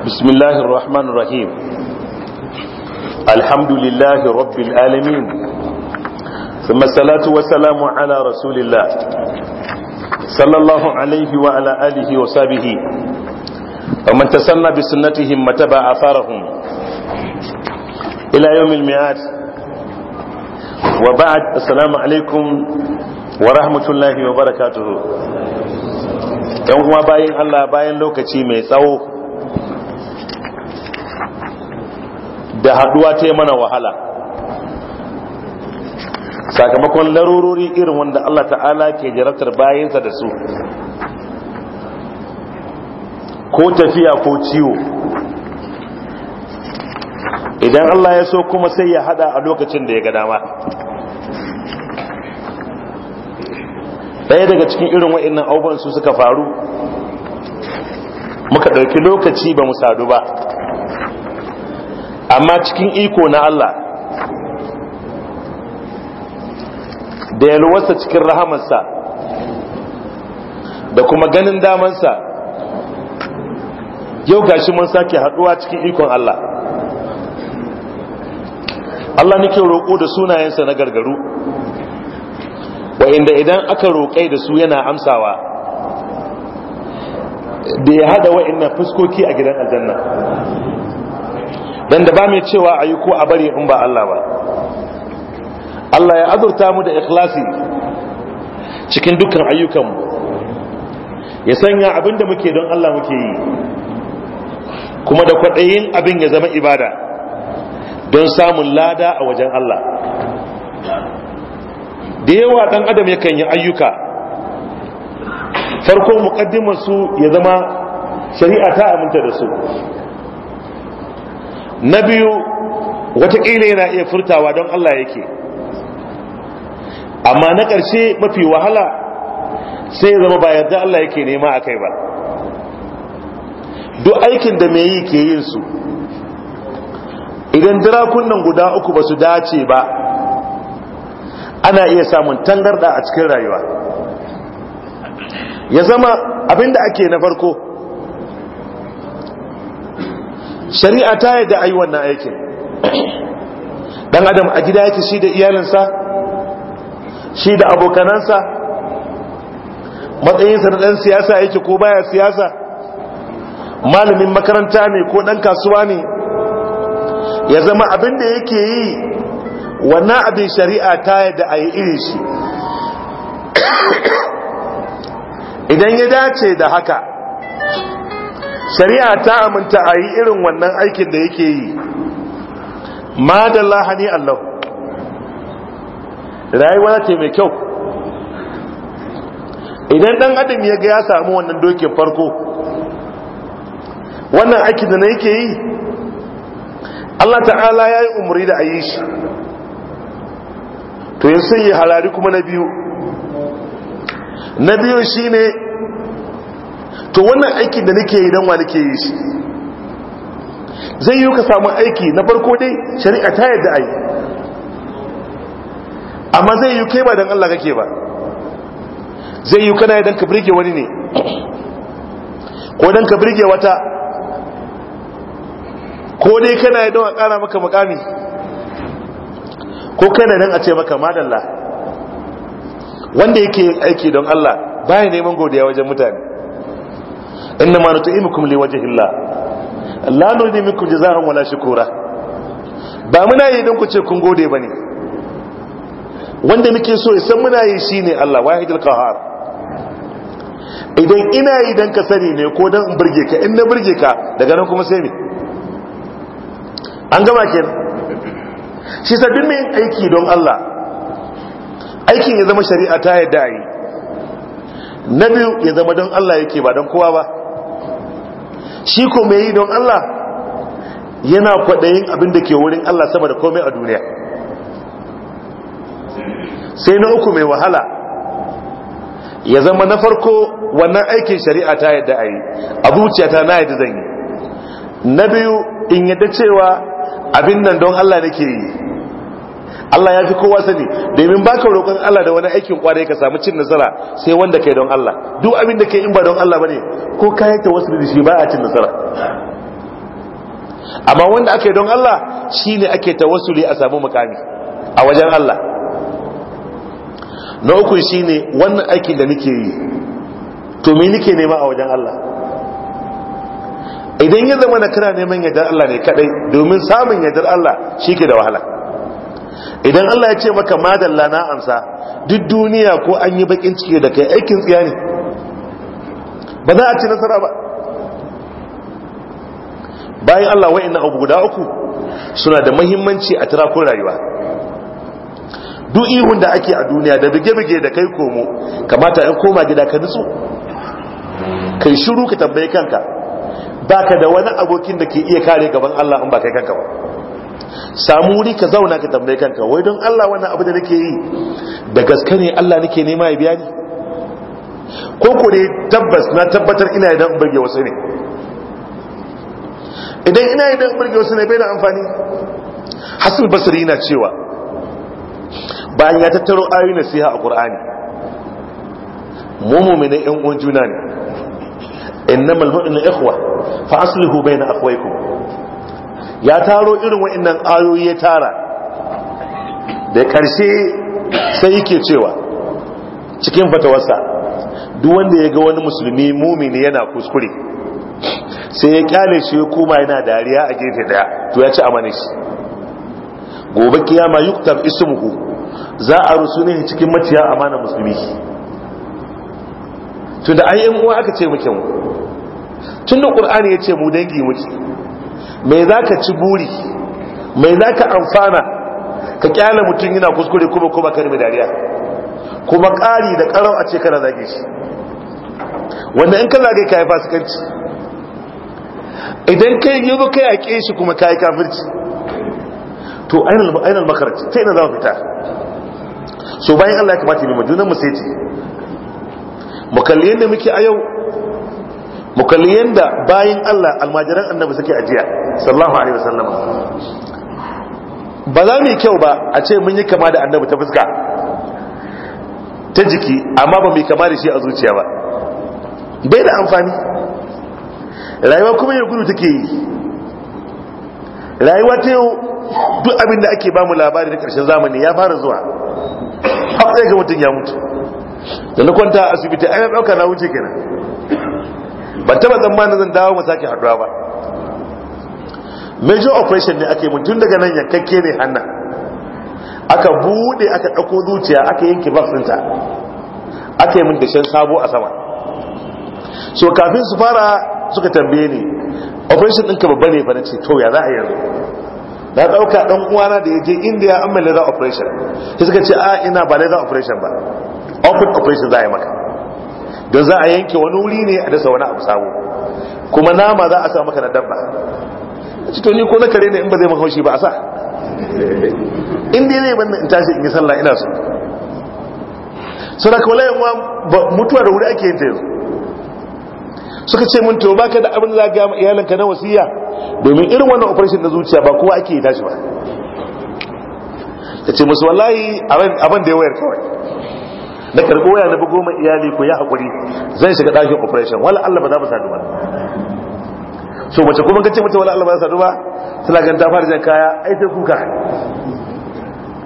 بسم الله الرحمن الرحيم الحمد لله رب العالمين ثم الصلاة والسلام على رسول الله صلى الله عليه وعلى آله وصحبه ومن تسنى بسنتهم وتبع أثارهم إلى يوم الميعاد وبعد السلام عليكم ورحمة الله وبركاته yan kuma bayan Allah bayan lokaci mai tsawo da haduwa ta yi mana wahala sakamakon larurori irin wanda Allah ta'ala ke jaratar bayansa da su ko tafiya ko ciwo idan Allah ya so kuma sai ya hada a lokacin da ya ga dama ɗaya daga cikin irin wa'annan abubuwan su suka faru muka ɗauki lokaci ba mu sadu ba amma cikin iko na Allah da yalwarsa cikin rahamarsa da kuma ganin damansa yau gashi mun sake haduwa cikin ikon Allah Allah nake roƙo da sunayensa na gargaru wa inda idan aka roƙai da su yana amsawa da ya hada na fuskoki a gidan aljanna dan da ba mai cewa ayi ko a bari in ba Allah ba Allah ya azurta mu da ikhlasi cikin dukkan ayyukanmu ya sanya abin da muke don Allah muke yi kuma da kwaɗayin abin ya zama ibada don samun lada a wajen Allah da yawa ɗan adam yakan yi ayyuka farko muƙaddimar ya zama shari'a ta aminta da su na biyu wataƙila yana iya furtawa don Allah yake amma na ƙarshe mafi wahala sai zama ba yadda Allah yake nema a kai ba duk aikin da mai yi ke yin su idan dirakunan guda uku ba su dace ba ana iya samun tangarda a cikin rayuwa ya zama abinda ake na farko shari'a ta yadda a yi wannan aikin ɗan adam a gida yake shi da iyalinsa shi da abokanansa matsayinsa na ɗan siyasa yake ko baya siyasa malamin makaranta ne ko ɗan kasuwa ne ya zama abin da yake yi wannan abin shari'a ta yadda a yi iri shi idan ya dace da haka shari'a ta aminta a yi irin wannan aikin da yake yi ma da lahani allah rayuwa ce mai kyau idan dan adam ya ga ya samu wannan dokin farko wannan aikin da na yake yi allah ta'ala ya yi umarni da ayi shi to ya sun yi halari kuma na biyu na biyu shine to wannan aikin da nake yi dan wa nake yi shi zai yi ka samu aiki na farko dai shari'a ta yadda ai amma zai yi kai ba dan Allah kake ba zai yi kana dan ka birge wani ne ko dan ka birge wata ko dai kana dan a kara maka mukami ko kana dan a ce maka madalla wanda yake aiki don Allah baya neman godiya wajen mutane innama nut'imukum liwajhillah la nuridu minkum jazaa'an wala shukura ba muna yi don ku ce kun gode bane wanda muke so isan muna yi shine Allah wahidul qahar idan ina yi dan ka sani ne ko dan in burge ka in na burge ka daga nan kuma sai ne an gama kenan shi sabbin mai aiki don Allah aikin ya zama shari'a ta yadda yi na biyu ya zama don Allah yake ba don kowa ba shi ko mai yi don Allah yana kwaɗayin abin da ke wurin Allah sama da komai a duniya sai na uku mai wahala ya zama na farko wannan aikin shari'a ta yadda a yi a zuciyata na yadda zan yi na biyu in yadda cewa abin nan don Allah nake yi Allah ya fi kowa sani domin baka roƙon Allah da wani aikin kwarai ka samu cin nasara sai wanda kai don Allah duk abin da kai in ba don Allah bane ko kai ta wasu da shi ba a cin nasara amma wanda ake don Allah shine ake tawassuli a samu mukami a wajen Allah na uku shine wannan aikin da nake yi to me nake nema a wajen Allah idan ya zama na kana neman yardar Allah ne kadai domin samun yardar Allah shi ke da wahala idan Allah ya ce maka madalla na amsa duk duniya ko an yi bakin ciki da kai aikin tsiya ne ba za a ci nasara ba bayan Allah na abu guda uku suna da mahimmanci a tirakun rayuwa duk ihun da ake a duniya da bige-bige da kai komo kamata in koma gida ka nutsu kai shiru ka tambaye kanka baka da wani abokin da ke iya kare gaban Allah in ba kai kanka ba samu wuri ka zauna ka tambaye kanka wai don Allah wannan abu da nake yi da gaske ne Allah nake nema ya biya ni ko ko ne tabbas na tabbatar ina yi don burge wasu ne idan ina yi don burge wasu ne bai da amfani hasan basri yana cewa bayan ya tattaro ayoyin nasiha a qur'ani mu mu'mina yan uwan juna ne innamal mu'minu ikhwa fa aslihu bayna akhwaykum ya taro irin wa'annan ayoyi ya tara da karshe sai yake cewa cikin fatawarsa duk wanda ya ga wani musulmi mumini yana kuskure sai ya kyale shi ya koma yana dariya a gefe daya to ya ci amani shi gobe kiyama yuktar ismuhu za a rusu ne cikin maciya amana musulmi tun da ayyan uwa aka ce muke tun da ƙur'ani ya ce mu dangi muke mai za ka ci buri mai za ka amfana ka kyala mutum yana kuskure kuma kuma karmi dariya kuma ƙari da ƙarau a ce kana zage shi wanda in ka zage ka yi fasikanci idan kai yi ba kai yaƙe shi kuma ka yi kafirci to ainihin makarci ta ina za fita so bayan allah ya kamata yi mai majunan mu sai ce mu kalli yadda muke a yau mu kalli yanda bayin Allah almajiran annabi suke ajiya sallallahu alaihi wasallam ba za mu kyau ba a ce mun yi kama da annabi ta fuska ta jiki amma ba mu kama da shi a zuciya ba bai da amfani rayuwa kuma yau gudu take yi rayuwa ta yau duk abin da ake ba mu labari na karshen zamani ya fara zuwa har ga mutum ya mutu da na kwanta a asibiti ai ɗauka na wuce kenan ban taba na zan dawo mu sake haɗuwa ba major operation ne ake mun tun daga nan yankakke ne hannan aka buɗe aka ɗauko zuciya aka yanke baksinta aka yi mun dashen sabo a sama so kafin su fara suka tambaye ni operation ɗinka babba ne fa nace ce to ya za a yanzu na ɗauka dan uwana da ya je india an mai laser operation sai suka ce a ina ba laser operation ba open operation za a yi maka don za a yanke wani wuri ne a dasa wani abu sabo kuma nama za a sa maka na dabba ci to ni ko na kare ne in ba zai maka haushi ba a sa in dai zai banda in tashi in yi sallah ina so sadaka wala yawa mutuwa da wuri ake yin ta yanzu suka ce mun to baka da abin da za ga iyalanka na wasiya domin irin wannan operation na zuciya ba kowa ake yi tashi ba ta ce musu wallahi abin da ya wayar kawai na karɓo ya nabi goma iyali ko ya haƙuri zai shiga ɗakin operation wala Allah ba za mu sadu ba so mace kuma kace mace wala Allah ba za sadu ba suna ganta fara jan kaya ai kuka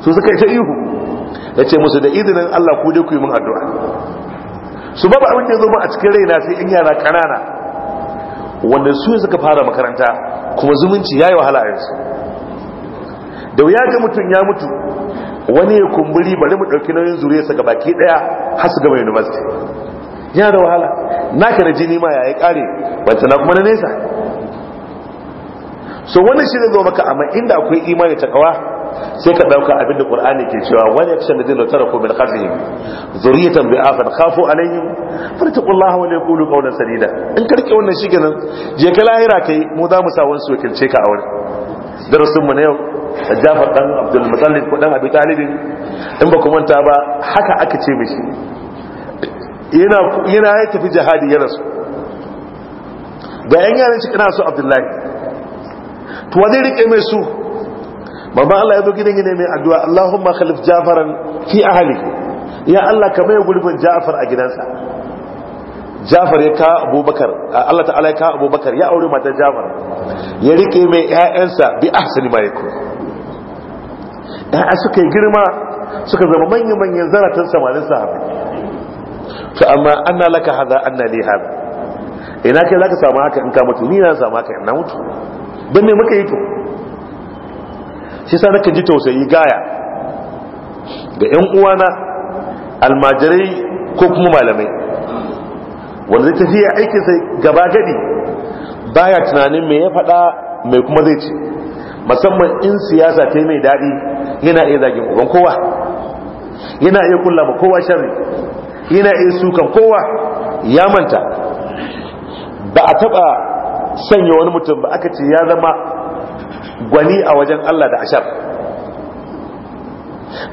su suka yi ihu ya ce musu da izinin Allah ku dai ku yi min addu'a su babu abin da zo ba a cikin raina sai in yara ƙanana wanda su suka fara makaranta kuma zumunci yayi wahala a yanzu da wuya ga mutum ya mutu wani ya kumburi bari mu ɗauki nauyin zuriyarsa ga baki ɗaya har su gaba university yana da wahala Na kana jini ma yayi kare wanta na kuma na nesa so wannan shi zai zo maka amma inda akwai imani ta kawa sai ka dauka abin da qur'ani ke cewa wani ya da zai tara ko min khalfihim zuriyatan bi afan khafu alaihim fartaqullaha wa yaqulu qawlan sadida in karke wannan shi kenan je ka lahira kai mu za mu sa wansu wakilce ka a wurin darasinmu na yau jafar dan abdul mutallib ko dan abu talibin in ba ku manta ba haka aka ce mishi yana yana ya tafi jihadi ya rasu ga yan yaran shi kana so abdullahi to wani rike mai su babban Allah ya zo gidan gine mai addu'a Allahumma khalif jafaran fi ahli ya Allah ka mai gulbin jafar a gidansa jafar ya ka abubakar Allah ta'ala ya ka abubakar ya aure matar jafar ya rike mai ƴaƴansa bi ahsani ma yakun ƴaƴa suka yi girma suka zama manyan manyan zaratan samanin sahabi to amma anna laka hada anna li hada ina kai zaka samu haka in ka mutu ni na samu haka in na mutu dan me muka yi to shi sa nake ji tausayi gaya ga ƴan uwana almajirai ko kuma malamai wanda zai tafiya aikin sai gaba gadi baya tunanin me ya faɗa mai kuma zai ce musamman in siyasa ta mai daɗi yana iya zagin uban kowa yana iya kulla ma kowa sharri yana iya sukan kowa ya manta ba a taɓa sanya wani mutum ba aka ce ya zama gwani a wajen Allah da ashar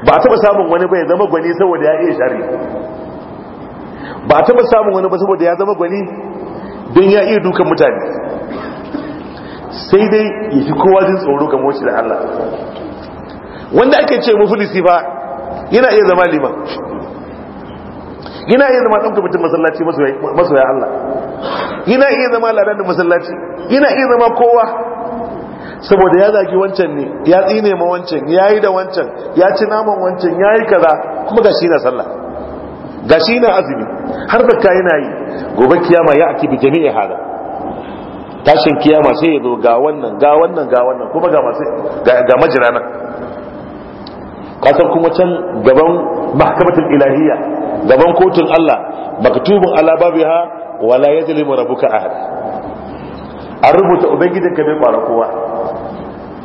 ba a taɓa samun wani bai zama gwani saboda ya iya shari ba a taba samun wani ba saboda ya zama gwani don ya iya dukan mutane sai dai ya fi kowa jin tsoro ga moci da Allah wanda ake ce mufulisi ba yana iya zama liman yana iya zama ɗan mutum masallaci masoya Allah yana iya zama ladanin masallaci yana iya zama kowa saboda ya zagi wancan ne ya tsine ma wancan ya yi da wancan ya ci naman wancan ya yi kaza kuma ga shi na sallah gashi na azumi har da yana yi gobe kiyama ya aki bi jami'i hada tashin kiyama sai ya zo ga wannan ga wannan ga wannan kuma ga masu ga majira nan kasar kuma can gaban mahkamatul ilahiyya gaban kotun Allah maktubun ala babiha wala ka rabbuka ahad an rubuta ka bai kwara kowa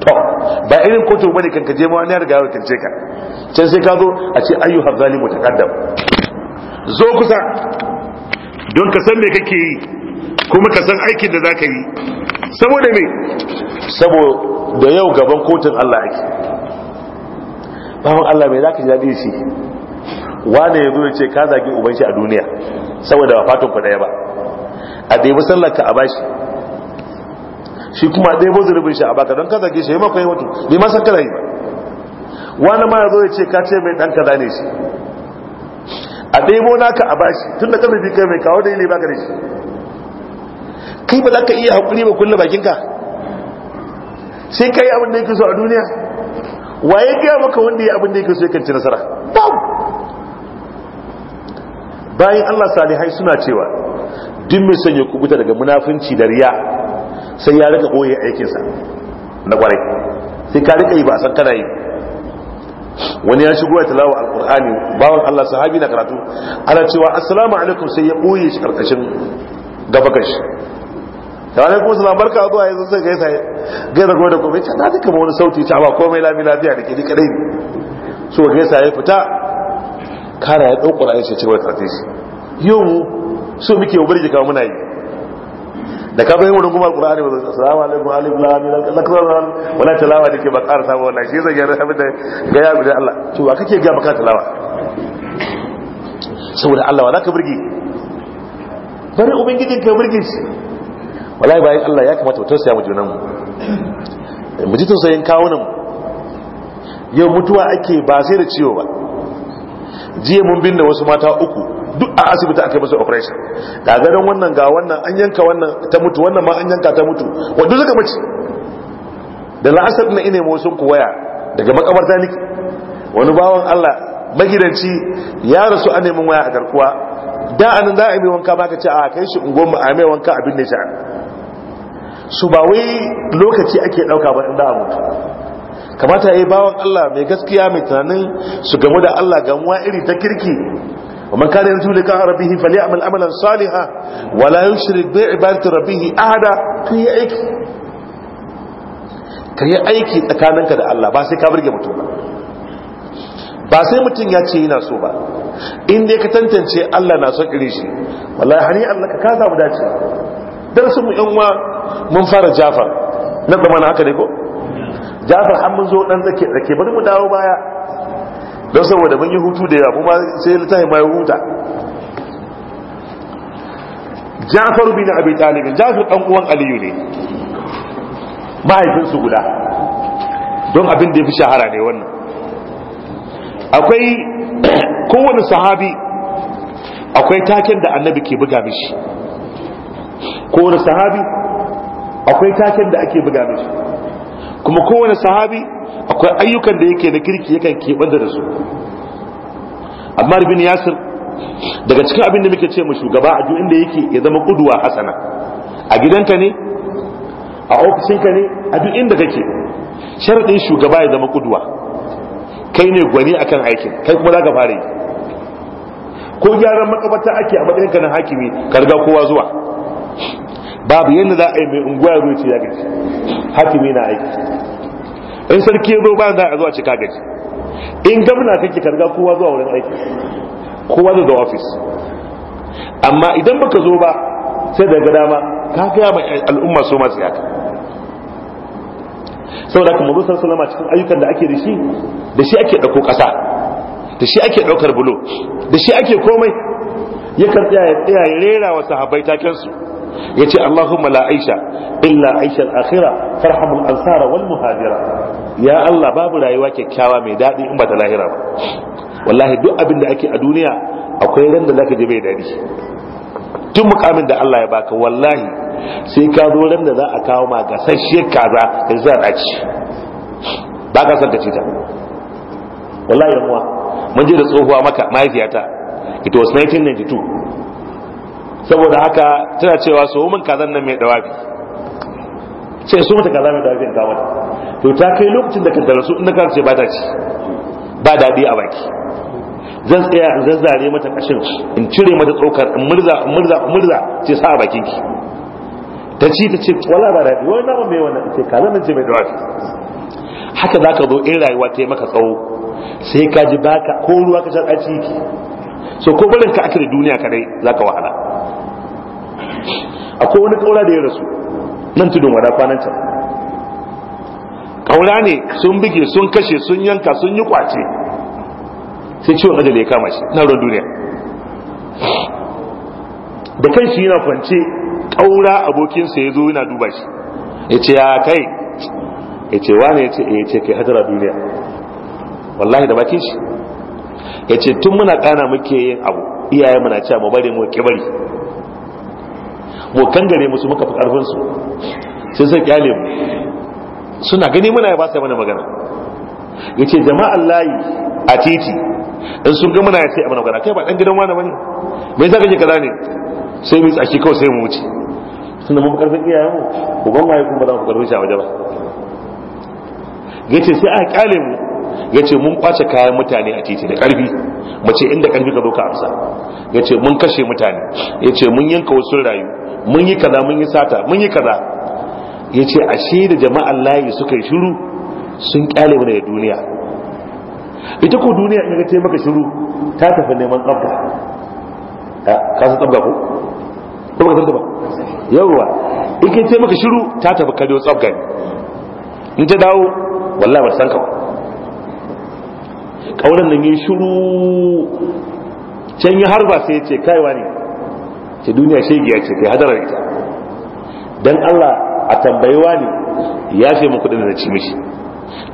to ba irin kotu bane kan je ma wani ya riga ya wakilce ka can sai ka zo a ce ayyuhal zalimu taqaddam zo kusa don ka san me kake yi kuma ka san aikin da zaka yi saboda me saboda yau gaban kotun Allah yake bawan Allah mai zaka ji dadi shi wane yazo ya ce ka zagi uban shi a duniya saboda ba fatan ku daya ba a dai musallar ka a bashi shi kuma dai bo zurubin shi a baka don ka zage shi ya ma yi wato bai ma san kana yi ba wani ma yazo ya ce ka ce mai dan kaza ne shi a ɗebo naka a bashi tun da karfi kai mai kawo dalili baka da shi kai ba za ka iya haƙuri ba kulle bakinka sai ka yi abin da yake so a duniya waye gaya maka wanda ya abin da yake so ya kanci nasara bayan allah salihai suna cewa duk mai sanya kubuta daga munafunci da riya sai ya rika koyi aikinsa na kwarai sai ka rika yi ba a san kana yi wani ya shigo ya tilawa alqur'ani bawan Allah sahabi na karatu ana cewa assalamu alaikum sai ya boye shi karkashin gaba kashi ranar kuma suna barka zuwa yanzu sai gaisa gaisa kuma da kuma ya na duka wani sauti ta ba komai lami lafiya da ke ni kadai ne so gaisa ya fita kara ya ɗaukura sai ce cewa karfe shi yau mu so muke wa birgika muna yi da ka bayin wurin kuma alkur'ani ba zai assalamu alaikum alif na lakzan wani talawa da ba ƙara samu wannan shi zai gyara abin da ga ya bi Allah to ba kake ga baka talawa saboda Allah wa ka birgi. bari ubangijin ka birgi shi wallahi bayan Allah ya kamata mu tausaya ya mutu nan mu ji tausayin kawunan yau mutuwa ake ba sai da ciwo ba jiya mun binne wasu mata uku duk a asibiti aka musu operation ga garin wannan ga wannan an yanka wannan ta mutu wannan ma an yanka ta mutu wanda zaka mace da la'asar na ina wasu ku waya daga makabarta niki wani bawan Allah magidanci ya rasu an neman waya a garkuwa da anan za a yi wanka wanka ka ce a kai shi mu a mai wanka abin da shi su ba wai lokaci ake dauka ba inda a mutu kamata ya yi bawan Allah mai gaskiya mai tunanin su gamu da Allah gamuwa iri ta kirki ومن كان يرجو لقاء ربه فليعمل عملا صالحا ولا يشرك بعبادة ربه أحدا كي aiki kai aiki tsakaninka da Allah ba sai ka burge mutum ba ba sai mutum ya ce yana so ba in dai ka tantance Allah na son irin shi wallahi hani Allah ka kaza mu dace darasin mu yan uwa mun fara jafa. na zama na haka ne ko jafar an mun zo dan zake zake bari mu dawo baya don saboda mun yi hutu da yawa ma sai littafin ma ya huta jafar bin abi talib jafar dan uwan aliyu ne su guda don abin da ya fi shahara ne wannan akwai kowane sahabi akwai taken da annabi ke buga mishi kowane sahabi akwai taken da ake buga mishi kuma kowane sahabi akwai ayyukan da yake na kirki yakan keɓanta da su amma rubin yasir daga cikin abin da muke ce mu shugaba a duk inda yake ya zama kuduwa hasana a gidanka ne a ofishinka ne a duk inda kake sharaɗin shugaba ya zama kuduwa kai ne gwani akan aikin kai kuma za ka fara yi ko gyaran makabata ake a matsayinka na hakimi ka kowa zuwa babu yadda za a yi mai unguwa ya ce ya gaji hakimi na aiki in sarki ya zo za a zuwa cika gaji in gwamna kake karga kowa zuwa wurin aiki kowa da ofis amma idan baka zo ba sai daga dama ka gaya ma al'umma su masu yaka saboda kuma zo salama cikin ayyukan da ake da shi da shi ake ɗauko ƙasa da shi ake ɗaukar bulo da shi ake komai yakan tsaya ya rera wa sahabbai takensu yace Allahumma la aisha illa aisha al-akhirah farhamul ansara wal muhajira ya Allah babu rayuwa kyakkyawa mai daɗi in ba ta lahira ba wallahi duk abin da ake a duniya akwai ran da zaka je bai dadi tun mukamin da Allah ya baka wallahi sai ka zo ran da za a kawo ma gasasshiyar kaza ka za a ci ba ka san ka ci ta wallahi yan mun je da tsohuwa maka mahaifiyata it was 1992 saboda haka tana cewa su mun kazan nan mai dawabi ce su mata kaza mai dawabi in kawo to ta kai lokacin da ka darasu in ka ce ba ta ci ba daɗi a baki zan tsaya in zazzare mata kashin in cire mata tsokar in murza in murza in murza ce sa a bakin ki ta ci ta ce wala ba daɗi wani nama mai wannan ce kazan nan ce mai dawabi haka za ka zo in rayuwa ta yi maka tsawo sai ka ji baka ko ruwa ka sha a ciki so ko barin ka aka da duniya kadai za ka wahala akwai wani kaula da ya rasu nan tudun wada kwanan can kaula ne sun bige sun kashe sun yanka sun yi kwace sai ciwon da ya kama shi na ruwan duniya da kan shi yana kwance kaura abokinsa ya zo yana duba shi ya ce ya kai ya ce wane ya ce eh, ya ce kai hajjara duniya wallahi da bakin shi ya ce tun muna kana muke yin abu iyayen muna cewa mu bari mu ke bari mu kangare musu muka fi karfin su sai sai kyale mu suna gani muna ba sai mana magana yace jama'an layi a titi in sun ga muna sai a mana magana kai ba dan gidan wani bane me yasa kake kaza ne sai mu tsaki kawai sai mu wuce Suna mun karfin iyayen mu ku ban waye kuma za ku karfin shi a waje ba yace sai a kyale mu yace mun kwace kayan mutane a titi da karfi mace inda karfi ka zo ka amsa yace mun kashe mutane yace mun yanka wasu rayu mun yi kaza mun yi sata mun yi kaza yace ashe da jama'an layi suka yi shiru sun kyale mana duniya ita ko duniya in ga ta maka shiru ta tafi neman tsabta ka san tsabta ko ko ba ka san ba yawwa in ga ta maka shiru ta tafi kado tsabta in ta dawo wallahi ba san ka ba kauran nan yin shiru can yi harba sai ya ce kaiwa ne ce duniya shegiya ce kai hadarar ita dan Allah a tambayewa ne ya ce mu kudin da ci mishi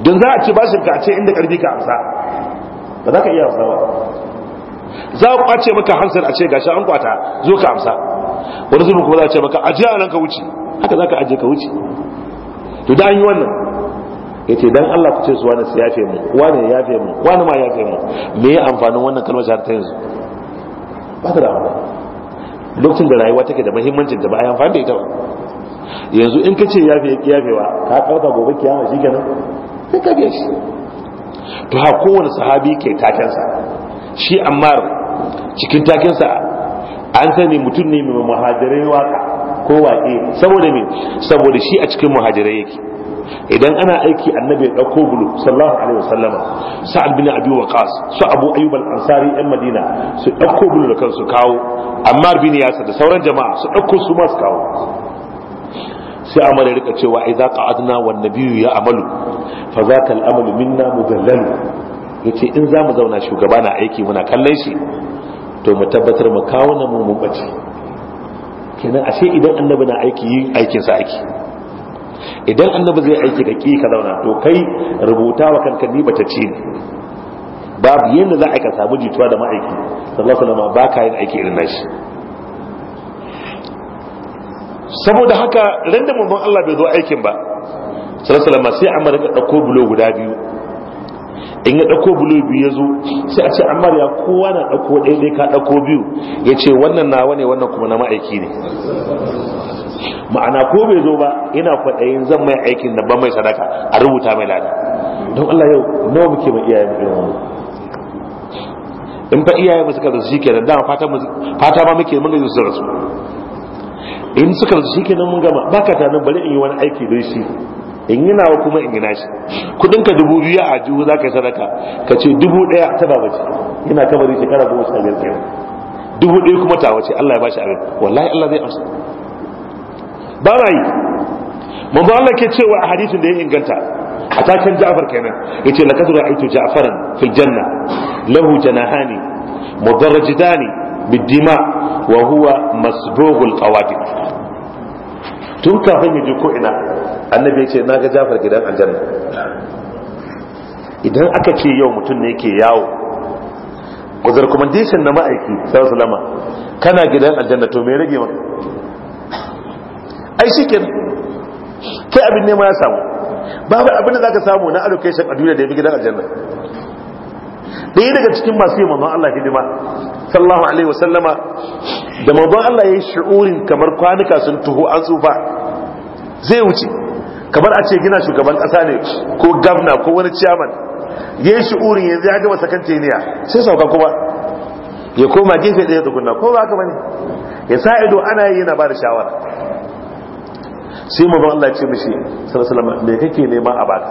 don za a ci bashin ka a ce inda karfi ka amsa ba za ka iya amsa ba za a kwace maka hansar a ce gashi an kwata zo ka amsa wani zubin kuma za a ce maka ajiye a nan ka wuce haka za ka ajiye ka wuce to da an yi wannan ya ce dan Allah ku ce su wani su yafe mu wani ya yafe mu wani ma yafe mu me ya amfanin wannan kalmar shahar ta yanzu ba ta da amfani lokacin da rayuwa take da muhimmancin ta ba a amfani da ita ba yanzu in ka ce fi kiyafewa ka kauka gobe kiyama shi kenan sai ka biya shi to ha kowane sahabi ke takensa shi ammar cikin takensa an sani mutum ne mai muhajirai waka ko waƙe saboda me saboda shi a cikin muhajirai yake idan ana aiki annabi ya dauko bulu sallallahu alaihi wasallama sa'ad bin abi waqas su abu ayyub al-ansari yan madina su dauko bulu da kansu kawo ammar bin yasir da sauran jama'a su dauko su ma kawo sai amara ya rika cewa idza qa'adna wan nabiyyu ya amalu fa zaka al-amalu minna mudallal yace in za mu zauna shugaba na aiki muna kallon shi to mu tabbatar mu kawo namu mu bace kenan ashe idan annabi na aiki aikin sa aiki idan annabi zai aiki ka ki ka zauna to kai rubuta wa kanka ni bata ce babu yadda za a ka samu jituwa da ma'aiki sallallahu alaihi wasallam ba ka yin aiki irin nashi saboda haka randa manzon Allah bai zo aikin ba sallallahu alaihi wasallam sai amma da dauko bulo guda biyu in ya ɗauko bulo biyu ya zo sai a ce ammar ya kowa na ɗauko ɗaya dai ka ɗauko biyu ya ce wannan nawa ne wannan kuma na ma'aiki ne ma'ana ko bai zo ba ina kwaɗayin zan mai aikin da ban mai sadaka a rubuta mai lada don Allah yau nawa muke mai iyayen mu irin wannan in fa iyayen mu suka rasu kenan dama fata ma muke mun ga su rasu in suka rasu kenan mun gama ka tanin bari in yi wani aiki don shi in yi nawa kuma in yi nashi kudinka dubu biyu a jihu za ka yi sadaka ka ce dubu ɗaya ta ba ce yana kabari shekara goma sha biyar kenan dubu ɗaya kuma ta wace Allah ya bashi abin wallahi Allah zai amsa ba ma yi manzo Allah ke cewa a hadisin da ya inganta a takan Ja'far kenan yace laqad ra'aytu Ja'faran fil janna lahu janahani mudarrajidani bid-dima wa huwa masbugh al-qawadid tun kafin ya je ko ina annabi ya ce na ga jafar gidan aljanna idan aka ce yau mutum ne ke yawo guzar kuma dishin na ma'aiki sau salama kana gidan aljanna to mai rage maka ai shi ke kai abin nema ya samu babu abin da za ka samu na allocation a duniya da ya fi gidan aljanna ɗaya daga cikin masu yi mamman Allah hidima sallallahu alaihi wasallama da mamman Allah ya yi shi'urin kamar kwanuka sun tuho an tsufa zai wuce kamar a ce gina shugaban kasa ne ko gamna ko wani ciyaman ya yi shi'urin yanzu ya gaba teniya sai sauka kuma ya koma gefe ɗaya tukunna ko ba ka bane ya sa ido ana yi yana ba da shawara sai mu Allah ce mishi sallallahu me kake nema a baka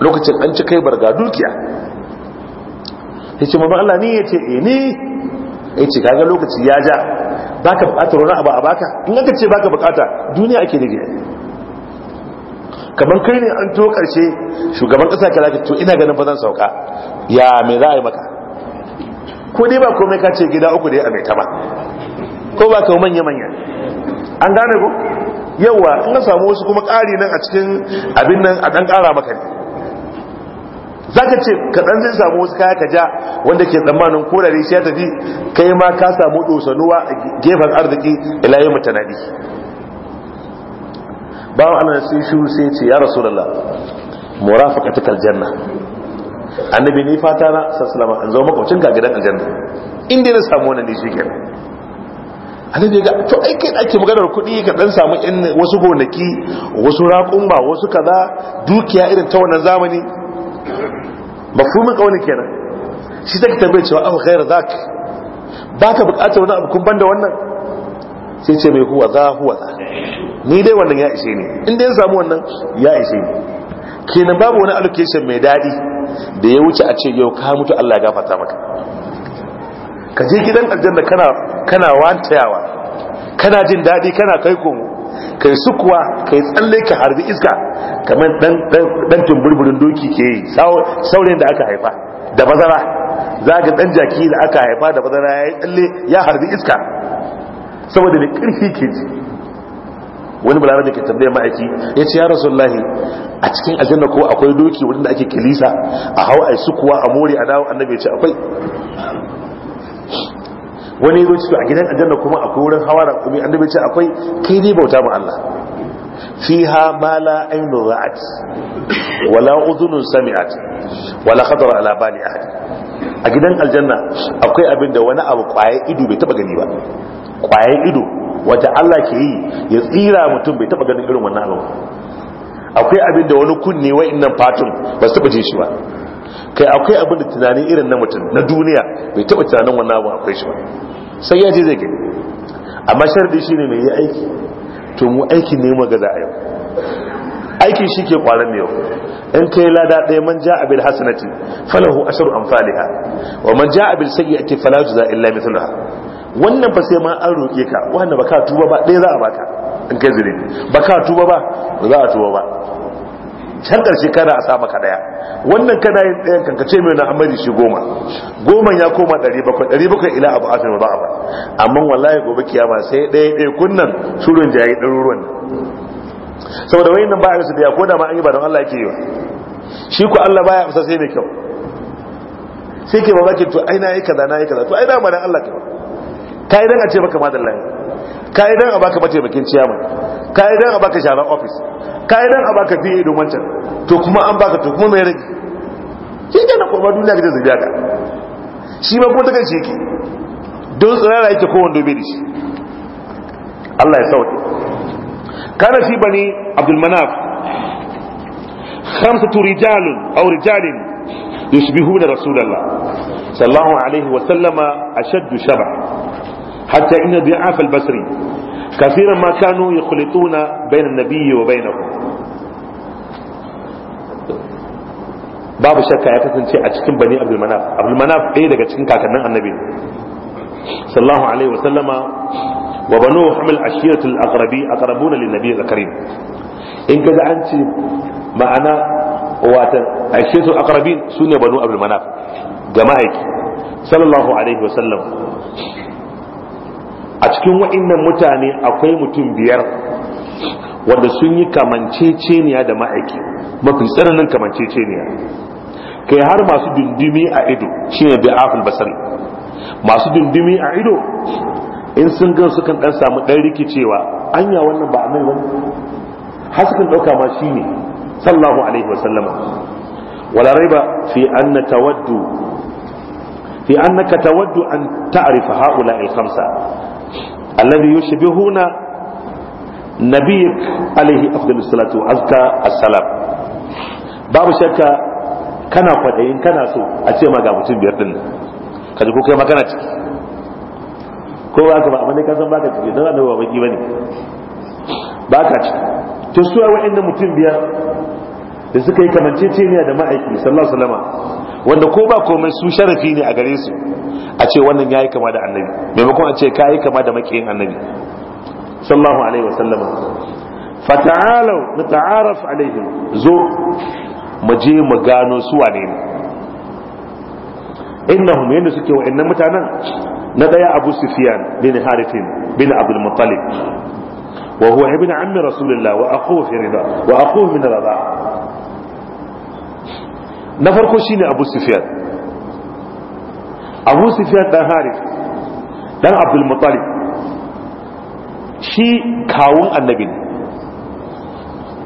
lokacin an ci kai barga dukiya yace mu Allah ni yace eh ni ya ce kaga lokaci ya ja baka bukatar wani abu a baka in aka ce baka bukata duniya ake nufi kamar kai ne an to karshe shugaban kasa kira ka to ina ganin fa zan sauka ya me za a yi maka ko dai ba komai ka ce gida uku da ya amaita ba ko ba ka manya manya an gane ko yawa in ka samu wasu kuma ƙari nan a cikin abin nan a dan ƙara maka ne za ka ce ka ɗan zai samu wasu kaya ka ja wanda ke tsammanin korare shi ya tafi kai ma ka samu ɗosanuwa a gefen arziki ilayen mutanadi bawa ana sai shuru sai ce ya rasu rasulullah murafaqatuka aljanna annabi ni fata na sassalama an zo makwacin ga gidan aljanna inda na samu wani ne shikenan annabi ga to aikin kai ake maganar kuɗi ka dan samu in wasu gonaki wasu raƙumba wasu kaza dukiya irin ta wannan zamani Ba fumin kauni kenan shi take tambaye cewa za ghair zak baka bukatar wani abu kun banda wannan sai ce mai huwa za huwa za ni dai wannan ya ishe ni inda ya samu wannan ya ishe ni kenan babu wani allocation mai daɗi da ya wuce a ce yau ka mutu Allah ya fata maka ka je gidan aljanna kana kana wantayawa kana jin daɗi kana kai komo kai sukuwa kai tsalle ka harbi iska kamar dan dan burburin doki ke yi saurin da aka haifa da bazara za ga dan jaki da aka haifa da bazara ya tsalle ya harbi iska saboda da ƙarfi ke ji wani da ke tambayar ma'aiki ya ce ya rasu a cikin aljanna ko akwai doki wurin da ake kilisa a hau a su kuwa a mori a dawo annabi ya ce akwai wani zo ce a gidan aljanna kuma akwai wurin hawa da kuma annabi ya ce akwai kai ne bauta mu Allah fiha ma la ainu ra'at wala udhunun sami'at wala khatara ala bali ahad a gidan aljanna akwai abin da wani abu kwaye ido bai taba gani ba kwayan ido wata Allah ke yi ya tsira mutum bai taba ganin irin wannan abin akwai abin da wani kunne wa innan fatun ba su taba ji shi ba kai akwai abin da tunanin irin na mutum na duniya bai taba tunanin wannan abin akwai shi ba sai ya je zai gani amma sharadi shine mai yi aiki to mu aikin ne mu ga a yau aikin shi ke kwaran yau in kai lada ɗaya man ja abil hasanati falahu asharu amfaliha wa man ja abil sayyi'ati falahu juzaa illa mithlaha wannan ba sai ma an roƙe ka wanda ka tuba ba ɗaya za a baka in kai zire ka tuba ba ba za a tuba ba can ƙarshe kana a sama ka ɗaya wannan kana yin ɗayan kan ce mai na amari shi goma goma ya koma ɗari bakwai ɗari bakwai ila abu afin ba ba amma wallahi gobe kiyama sai ɗaya ɗaya kunnan surun jayi ɗaruruwan saboda wani nan ba a su biya ko da ma an yi ba don Allah ke yi wa shi ku Allah baya amsa sai mai kyau sai ke ba mamaki to ai na yi kaza na yi kaza to ai da ma na Allah kyau ka yi dan a ce maka madalla ne ka yi dan a baka mataimakin ciyaman ka yi dan a baka sharan ofis ka yi dan a baka fiye don wancan to kuma an baka to kuma mai rage shi ke na kwamar duniya gajen zabiya ka shi ma kuma takan shi ke. don tsirara yake kowane dobe da shi Allah ya sauke kana fi bani abdulmanaf khamsatu rijalun aw rijalin yushbihuna rasulullah sallallahu alaihi wa sallama ashaddu shabah hatta inna bi'af al-basri kafiran ma kanu yakhlituna bayna an-nabiyyi wa bainahu babu shakka ya kasance a cikin bani abdul manaf abdul manaf ɗaya daga cikin kakannin annabi sallallahu alaihi wa sallama wa banu hamil ashiratul aqrabi aqrabuna lin nabiy al-karim in kaga an ma'ana watan ashiratul aqrabin sune banu abdul manaf sallallahu alaihi wa sallam a cikin wa'innan mutane akwai mutum biyar wanda sun yi kamanceceniya da ma'aiki mafi tsananin kamanceceniya kai har masu dundumi a ido shine da afin basari masu dundumi a ido in sun gan sukan dan samu dan rikicewa anya wannan ba annabi bane har sukan dauka ma shine sallallahu alaihi wasallama wala raiba fi anna tawaddu fi annaka tawaddu an ta'rifa ha'ula al-khamsa alladhi yushbihuna nabiyyik alaihi afdalus salatu azka assalam babu shakka kana kwadayin kana so a ce ma ga mutum biyar din ka ji ko kai ma kana ciki ko ba ka ba amma ne ka san baka ciki dan annabi ba baki bane baka ciki to su ya wa'annan mutum biyar da suka yi kamanceceniya da ma'aiki sallallahu alaihi wasallama wanda ko ba komai su sharafi ne a gare su a ce wannan yayi kama da annabi maimakon a ce kayi kama da makiyin annabi sallallahu alaihi wasallam fata'alu nata'araf alaihim zo mu je mu gano su wane ne innahum yanda suke wa'annan mutanen na daya abu sufyan bin harithin bin abdul muttalib وهو ابن عم رسول الله واخوه في رضا واخوه من رضا na farko shine abu Sufiyar. abu Sufiyar dan harith dan abdul shi kawun annabi ne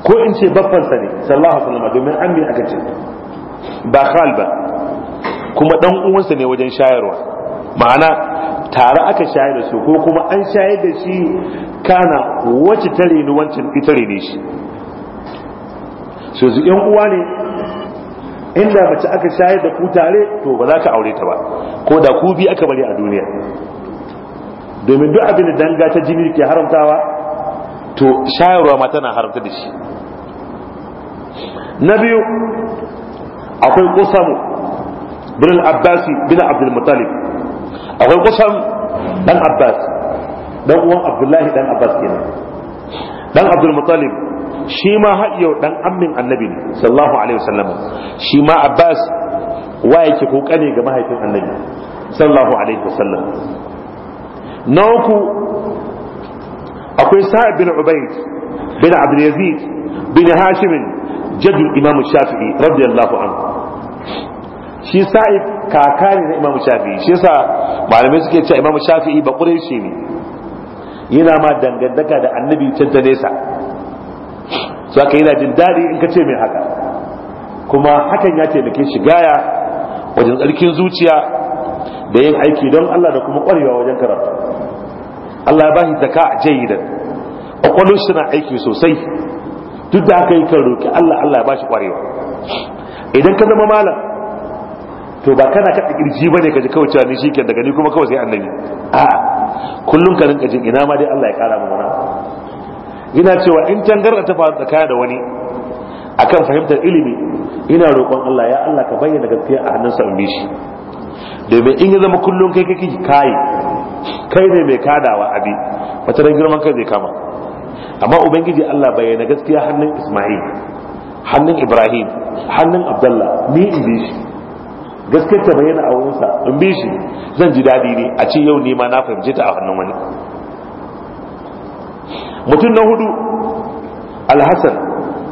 ko in ce baffansa ne sallallahu alaihi wasallam domin an bi aka ce ba khal ba kuma ɗan uwansa ne wajen shayarwa ma'ana tare aka shayar da su ko kuma an shayar da shi kana wacce tare ni wancan ita ne shi so yan uwa ne inda mace aka shayar da ku tare to ba za ka aure ta ba ko da ku bi aka bari a duniya domin duk abin da danga ta jini ke haramtawa to shayarwa ma tana haramta da shi na biyu akwai kusamu bin abbasi bin abdul muttalib akwai kusam dan abbas dan uwan abdullahi dan abbas kenan dan abdul muttalib shi ma yau ɗan ammin annabi ne sallallahu alaihi wasallam shi ma abbas wa yake kokane ga mahaifin annabi sallallahu alaihi wasallam na uku akwai sa'ad bin ubaid bin abdul bin hashim jaddu imam shafi'i radiyallahu anhu shi sa'id kaka ne na imam shafi'i shi yasa malamai suke cewa imam shafi'i ba shi ne yana ma dangantaka da annabi can nesa su aka na jin daɗi in ka ce mai haka kuma hakan ya taimake shi gaya wajen tsarkin zuciya da yin aiki don Allah da kuma ƙwarewa wajen karatu Allah ya bashi zaka a jayidan ƙwaƙwalon shi na aiki sosai duk da haka yi kan roƙi Allah Allah ya bashi ƙwarewa idan ka zama malam to ba kana kaɗa ƙirji ba ne ka ji kawai cewa ni shi daga ni kuma kawai sai annabi a'a kullum ka rinka jin ina ma dai Allah ya ƙara mu mana yana cewa in tangarda ta faru tsakana da wani akan fahimtar ilimi ina roƙon Allah ya Allah ka bayyana gaskiya a hannun sa umbi shi domin in ya zama kullum kai kake kai kai ne mai kadawa abi wata ran girman kai zai kama amma ubangiji Allah bayyana gaskiya hannun Isma'il hannun Ibrahim hannun Abdullah ni in bi shi gaskiyar ta bayyana a wurinsa in bi shi zan ji daɗi ne a ce yau ne ma na fahimce ta a hannun wani mutum na hudu alhassan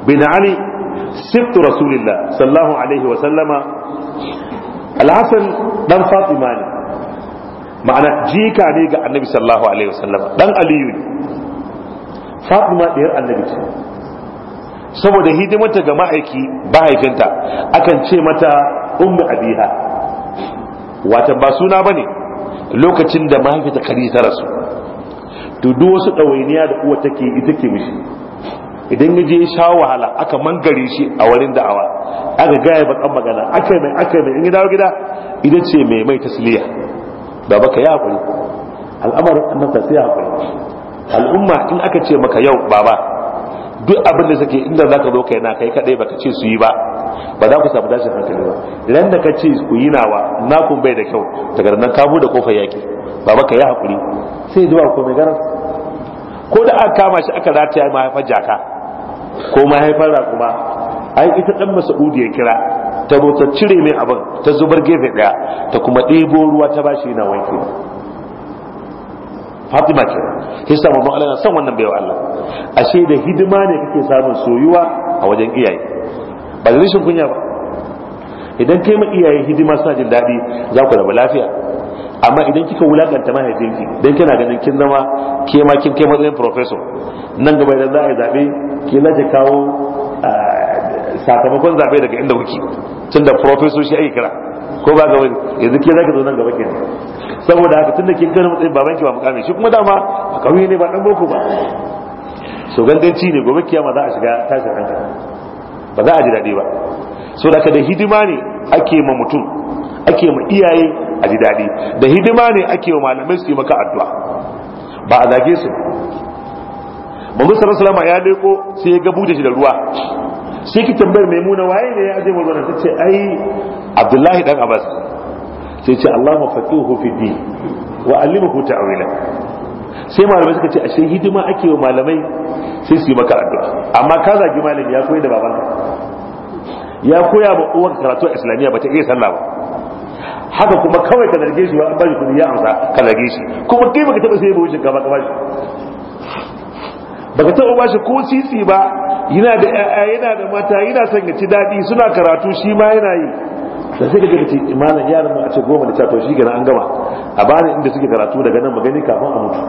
bin ali siftu rasulillah sallahu alaihi wa sallama alhassan dan fatima ne ma'ana jika ne ga annabi sallahu alaihi wa sallama dan aliyu ne fatima ɗiyar annabi ce saboda hidimata ga ma'aiki ba haifinta akan ce mata ummu abiha wata ba suna bane lokacin da mahaifita kari ta rasu to duk wasu ɗawainiya da uwa take ita ke mishi idan ya je ya sha wahala aka mangare shi a wurin da'awa aka gaya bakan magana aka mai aka mai in ya dawo gida idan ce mai mai tasliya da baka ya hakuri al'amarin annabta sai hakuri al'umma in aka ce maka yau baba duk abin da suke inda za ka zo kai na kai kadai baka ce su yi ba ba za ku samu dashin hankali ba idan da ka ce ku yi nawa nakun bai da kyau daga nan ka bude kofar yaki baba ka yi haƙuri sai zuwa ko mai garas ko da aka kama shi aka rataya mahaifar jaka ko mahaifar raƙuma ai ita ɗan masa'udi ya kira ta bauta cire mai abin ta zubar gefe ɗaya ta kuma ɗebo ruwa ta bashi yana wanke fatima ke hisa mamman allah na son wannan baiwa allah ashe da hidima ne kake samun soyuwa a wajen iyaye ba da rashin kunya ba idan kai ma iyaye hidima suna jin daɗi za ku rabu lafiya amma idan kika wulakanta mahaifinki dan kina ganin kin zama ke ma kin kai matsayin professor nan gaba idan za a yi zabe ke za ki kawo ah, sakamakon zabe daga inda kuke tunda professor shi ake kira ko ba ga wani yanzu ke zaki zo nan gaba kenan saboda haka tunda kin gani matsayin babanki ba mukamin shi kuma dama a kauye ne ba dan boko ba so ganganci ne gobe kiyama za a shiga tashin hankali ba za a ji daɗi ba so da da hidima ne ake ma mutum ake ma iyaye a ji daɗi da hidima ne ake wa malamai su yi maka addu'a ba a zage su manzo sallallahu alaihi ya leko sai ya gabu da shi da ruwa sai ki tambayar maimuna waye ne ya aje mu wannan tace ai abdullahi dan abbas sai ce allahumma fatuhu fi din wa allimhu ta'wila sai malamai suka ce ashe hidima ake wa malamai sai su yi maka addu'a amma ka zagi malami ya koyi da baban ya koya ba uwan karatu Islamiya islamiyya ba ta iya sallah ba haka kuma kawai ka zarge shi ba an bashi kudi ya amsa ka zarge shi kuma kai baka taba sai ba wucin ka ba ka bashi baka taba bashi ko sisi ba yana da yaya yana da mata yana son ya ci daɗi suna karatu shi ma yana yi da sai ka ga ce imanin yaran mu a ce goma da ta to shi gana an gama a bani inda suke karatu daga nan magani kafin a mutu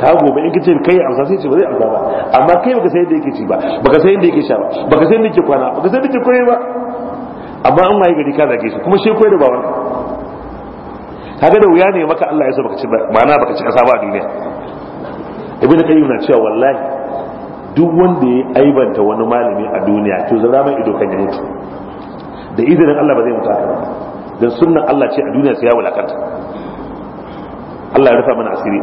ka gobe in kace kai amsa sai ce ba zai amsa ba amma kai baka sai yadda yake ci ba baka sai yadda yake sha ba baka sai yadda yake kwana baka sai yadda yake koyi ba amma an waye gari ka zage su kuma shekwai koyi da bawan kaga da wuya ne maka Allah ya so baka ci ma'ana baka ci kasa ba duniya ibn qayyim na cewa wallahi duk wanda ya aibanta wani malami a duniya to zama mai ido kan ya mutu da izinin Allah ba zai mutu haka ba dan sunnan Allah ce a duniya sai ya wulakanta Allah ya rufa mana asiri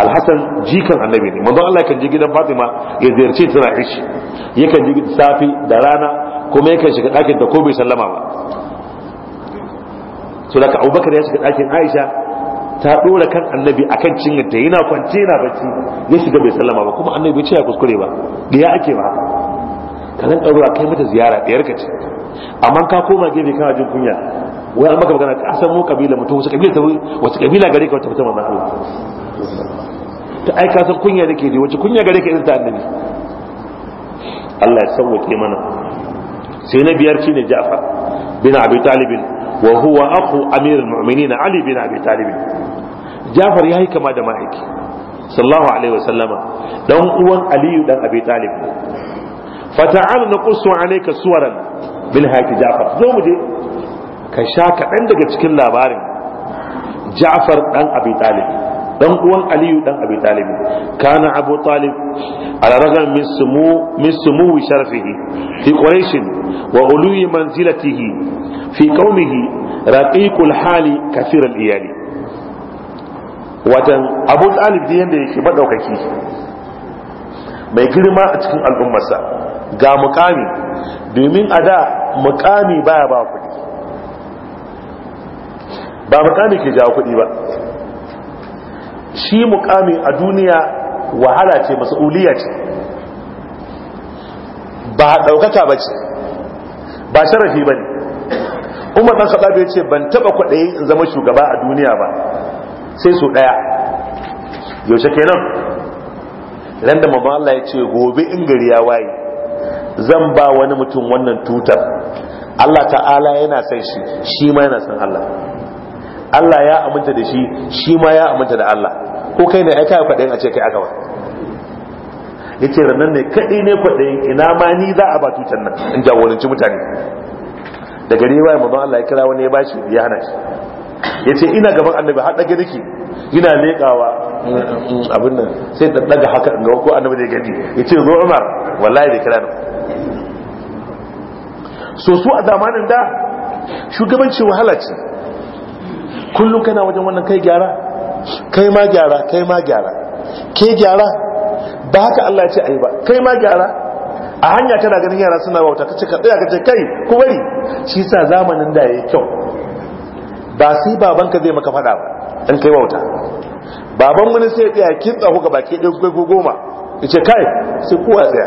alhassan jikan annabi ne manzon Allah kan je gidan Fatima ya ziyarce tana ishi yakan je safi da rana kuma yakan shiga ɗakin ta ko bai sallama ba so daga abubakar ya shiga ɗakin aisha ta ɗora kan annabi akan cinyarta yana kwance yana bacci ya shiga bai sallama ba kuma annabi bai ce ya kuskure ba da ya ake ba ka nan ɗaura kai mata ziyara ɗayar ka ce amma ka koma gefe kana jin kunya wai an maka magana ka san mu kabila mutum wasu kabila tawo wasu kabila gare ka wata mutum manzo Allah ta ai ka san kunya nake ji wace kunya gare ka irin ta annabi Allah ya sauke mana sai na biyar shine Ja'far bin Abi Talib wa huwa akhu Amir al-Mu'minin Ali bin Abi Talib Ja'far yayi kama da ma'aiki sallallahu alaihi wasallama dan uwan Ali dan Abi Talib fata'al naqussu alayka suwaran bil haqi Ja'far zo mu je ka sha kaɗan daga cikin labarin Ja'far dan Abi Talib dan uwan aliyu dan abi talib kana abu talib ala ragam min sumu min sumu sharafihi fi quraish wa ului manzilatihi fi qaumihi raqiqul hali kathir al iyali watan abu talib da yake madaukaki mai girma a cikin al'ummarsa ga mukami domin a da mukami baya ba kuɗi ba mukami ke jawo kuɗi ba shi mukami a duniya wahala ce masu'uliya ce ba daukaka ba ce ba sharafi ba ne umar ɗan khattab bai ce ban taɓa kwaɗayin in zama shugaba a duniya ba sai su ɗaya yaushe kenan ran da mamman Allah ya ce gobe in gari ya waye zan ba wani mutum wannan tutar Allah ta'ala yana san shi shi ma yana san Allah Allah ya aminta da shi shi ma ya aminta da Allah ko kai ne ai kai kwaɗayin a ce kai aka ba yace ranan ne kadai ne kwaɗayin ina ma ni za a ba tutan nan in jagoranci mutane da gari wa manzon Allah ya kira wani ya bashi ya hana shi yace ina gaban annabi har daga nake ina leƙawa abin nan sai da daga haka ga ko annabi da gani yace zo Umar wallahi da kira so su a zamanin da shugabanci wahala ce kullum kana wajen wannan kai gyara kai ma gyara kai ma gyara ke gyara ba haka Allah ya ce ayi ba kai ma gyara a hanya tana ganin yara suna wauta ce ka tsaya ce kai ku bari shi sa zamanin da yayi kyau ba sai babanka zai maka fada ba in kai wauta baban wani sai tsaya kin tsaho ga baki ɗin ko goma ya ce kai sai kowa tsaya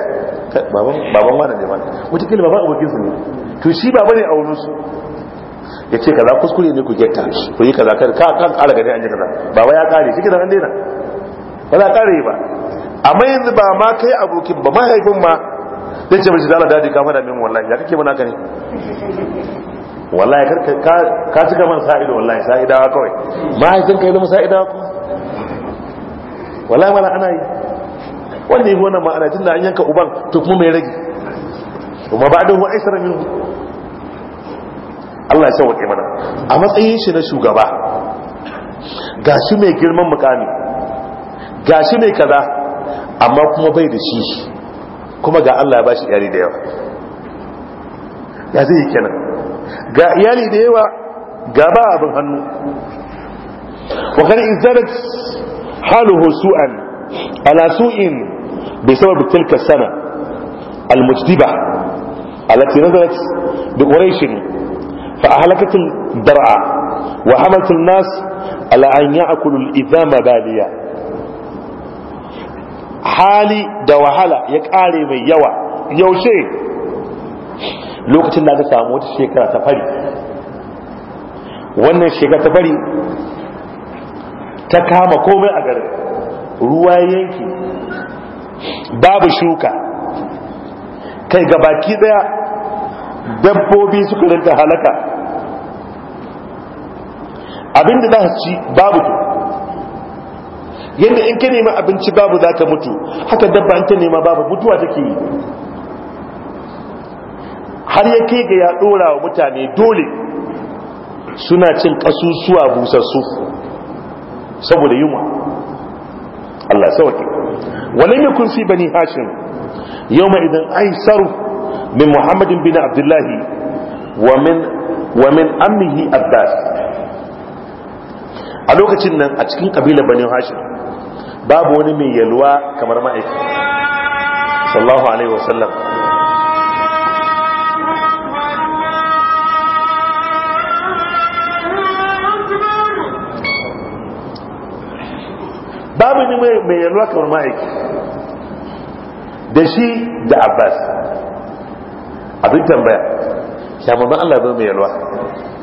baban wani ne ba wata kila baban abokin su ne to shi baba ne a wurin su ya ce kaza kuskure ne ku getta ku yi kaza kar ka kan ƙara gani an ji kaza ba wai ya kare shi kidan an daina ba za kare ba amma yanzu ba ma kai abokin ba mahaifin ma zai ce mashi dala daji ka fada min wallahi ya kake mana ka wallahi kar ka ci gaban sa'ido wallahi sa'idawa kawai mahaifin ka yi zama sa'idawa kuma wallahi mala ana yi wanda yi wannan ma'ana tun da an yanka uban to kuma mai rage kuma ba da huwa aisar Allah ya sauke mana a matsayin shi na shugaba ga shi mai girman mukami ga shi mai kaza amma kuma bai da shi kuma ga Allah ya bashi iyali da yawa ya zai yi kenan ga iyali da yawa ga ba abin hannu wa kan izarat haluhu su'an ala su'in bi sabab tilka sana al-mujdiba nazarat bi بقريش فأهلكت الدرع وحملت الناس على أن يأكلوا الإذام باليا Hali da wahala ya ƙare mai yawa yaushe lokacin da aka samu wata shekara ta fari wannan shekara ta fari ta kama komai a garin ruwa yanki babu shuka kai gabaki daya dabbobi suka rinta halaka abinda za su ci babu yadda in ka nema abinci babu za ka mutu haka dabba in ta nema babu mutuwa take yi har ya kai ga ya dora wa mutane dole suna cin kasusuwa busassu saboda yunwa Allah sauke walam yakun fi bani hashim yawma idan aisaru min muhammadin bin abdullahi wa min wa min ammihi abbas a lokacin nan a cikin kabilar bani hashim babu wani mai yalwa kamar babu ne mai yalwa kamar ma'aiki da shi da abbas abin tambaya ya Allah zo mai yalwa